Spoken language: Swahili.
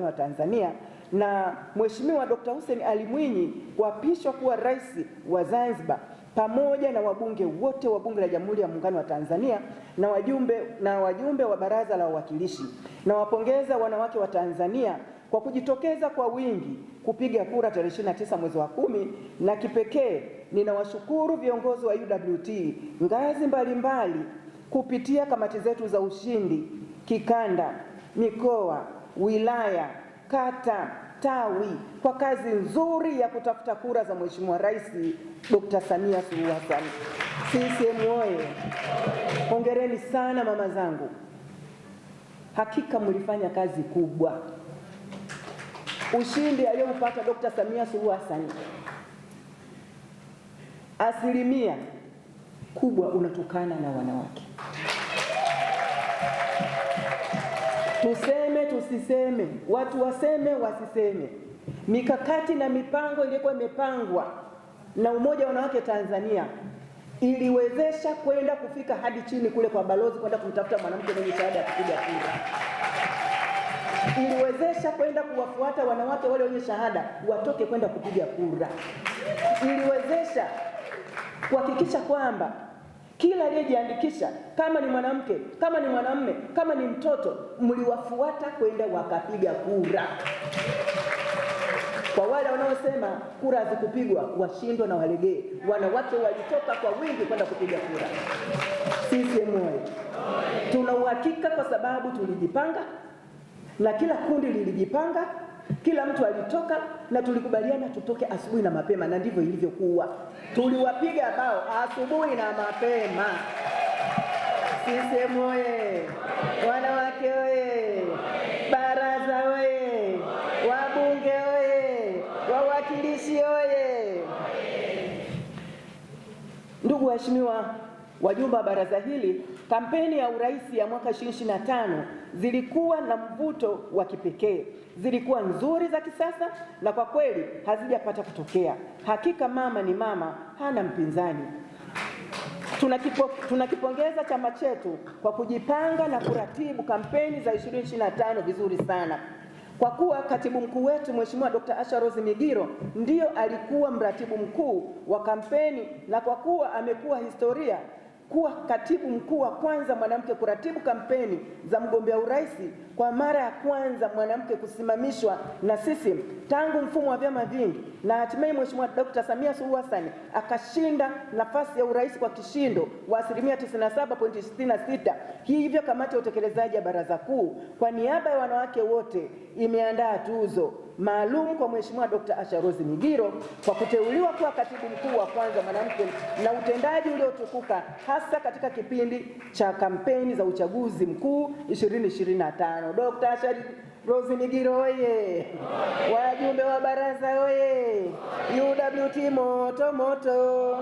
wa Tanzania na Mheshimiwa Dkt. Hussein Ali Mwinyi kuapishwa kuwa rais wa Zanzibar pamoja na wabunge wote wa Bunge la Jamhuri ya Muungano wa Tanzania na wajumbe, na wajumbe wa Baraza la Wawakilishi. Nawapongeza wanawake wa Tanzania kwa kujitokeza kwa wingi kupiga kura tarehe 29 mwezi wa kumi, na kipekee ninawashukuru viongozi wa UWT ngazi mbalimbali mbali, kupitia kamati zetu za ushindi kikanda, mikoa wilaya, kata, tawi kwa kazi nzuri ya kutafuta kura za Mheshimiwa Rais Dr. Samia Suluhu Hassan. CCM oye! Hongereni sana mama zangu, hakika mlifanya kazi kubwa. Ushindi aliyoupata Dr. Samia Suluhu Hassan asilimia kubwa unatokana na wanawake Tuse usiseme, watu waseme wasiseme. Mikakati na mipango iliyokuwa imepangwa na Umoja wa Wanawake Tanzania iliwezesha kwenda kufika hadi chini kule kwa balozi kwenda kumtafuta mwanamke mwenye shahada ya kupiga kura, iliwezesha kwenda kuwafuata wanawake wale wenye shahada watoke kwenda kupiga kura, iliwezesha kuhakikisha kwamba kila aliyejiandikisha kama ni mwanamke, kama ni mwanamume, kama ni mtoto, mliwafuata kwenda wakapiga kura. Kwa wale wanaosema kura hazikupigwa washindwa na walegee, wanawake walitoka kwa wingi kwenda kupiga kura. Sisi moyo tuna uhakika, kwa sababu tulijipanga na kila kundi lilijipanga kila mtu alitoka na tulikubaliana tutoke asubuhi na mapema, na ndivyo ilivyokuwa. Tuliwapiga bao asubuhi na mapema. Sisi moye, wanawake oye, baraza oye, wabunge oye, wawakilishi oye! Ndugu waheshimiwa wajumbe wa baraza hili, kampeni ya urais ya mwaka 2025 zilikuwa na mvuto wa kipekee, zilikuwa nzuri za kisasa, na kwa kweli hazijapata kutokea. Hakika mama ni mama, hana mpinzani. Tunakipo, tunakipongeza chama chetu kwa kujipanga na kuratibu kampeni za 2025 vizuri sana kwa kuwa katibu mkuu wetu Mheshimiwa Dr. Asha Rose Migiro ndiyo alikuwa mratibu mkuu wa kampeni, na kwa kuwa amekuwa historia kuwa katibu mkuu wa kwanza mwanamke kuratibu kampeni za mgombea urais, kwa mara ya kwanza mwanamke kusimamishwa na CCM tangu mfumo wa vyama vingi, na hatimaye Mheshimiwa Dkt. Samia Suluhu Hassan akashinda nafasi ya urais kwa kishindo wa asilimia 97.66. Hivyo kamati ya utekelezaji ya Baraza Kuu kwa niaba ya wanawake wote imeandaa tuzo maalum kwa Mheshimiwa Dkt. Asha Rose Migiro kwa kuteuliwa kuwa katibu mkuu wa kwanza mwanamke na utendaji uliotukuka hasa hasa katika kipindi cha kampeni za uchaguzi mkuu 2025. Dr. Shari Rose Migiro oye! Wajumbe wa baraza oye! UWT moto moto!